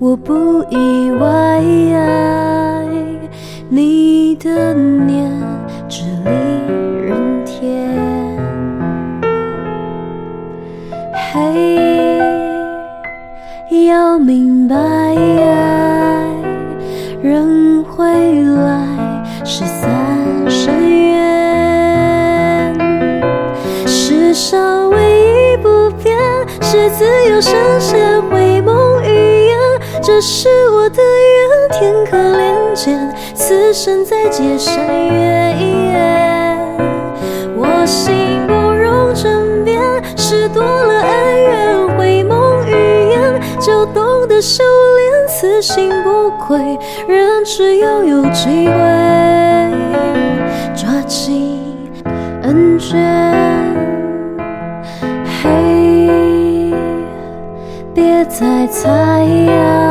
我不意外，愛你的念緻麗人天。嘿、hey，要明白，愛人會來是三生願。世上唯一不變，是自由生羨回眸。這是我的願，天可憐見，此生再結善緣，我心不容爭辯，是多了恩念，回眸於焉就懂得修煉，此心不愧，人只要有,有機會，抓緊恩眷。嘿、hey,，別再猜啊！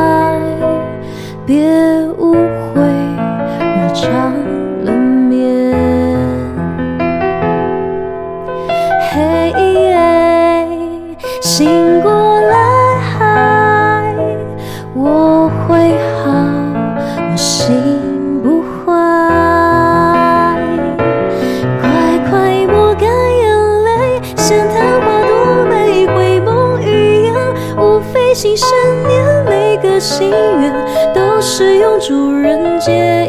一心善念，每個心願都是永駐人間，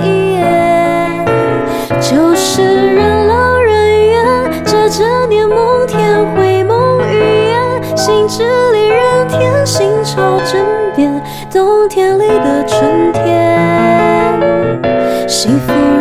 就是任勞任怨，這真念萌甜，回眸於焉，心緻麗人天，心潮針砭，冬天裡的春天，幸福。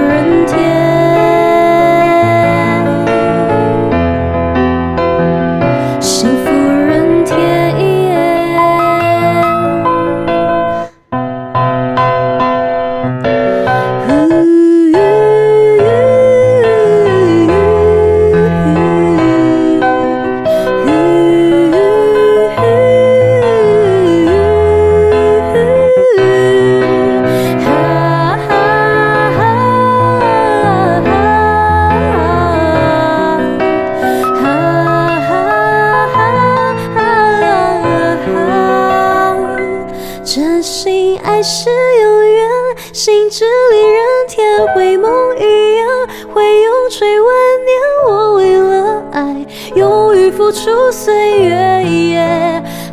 真心愛是永遠，心緻麗人天，回眸於焉，會永垂萬年。我為了愛，勇於付出歲月。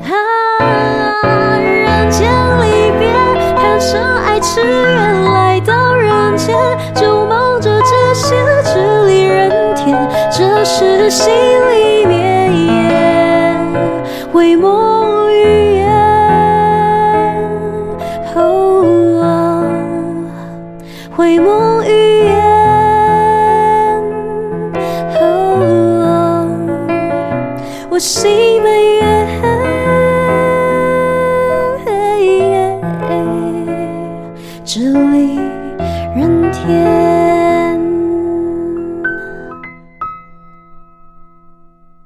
啊，人間離別，貪瞋愛痴怨來到人間，就忙着這些，緻麗人天，這是心裏面耶，回眸於焉。回眸於焉，我心本願，緻麗人天。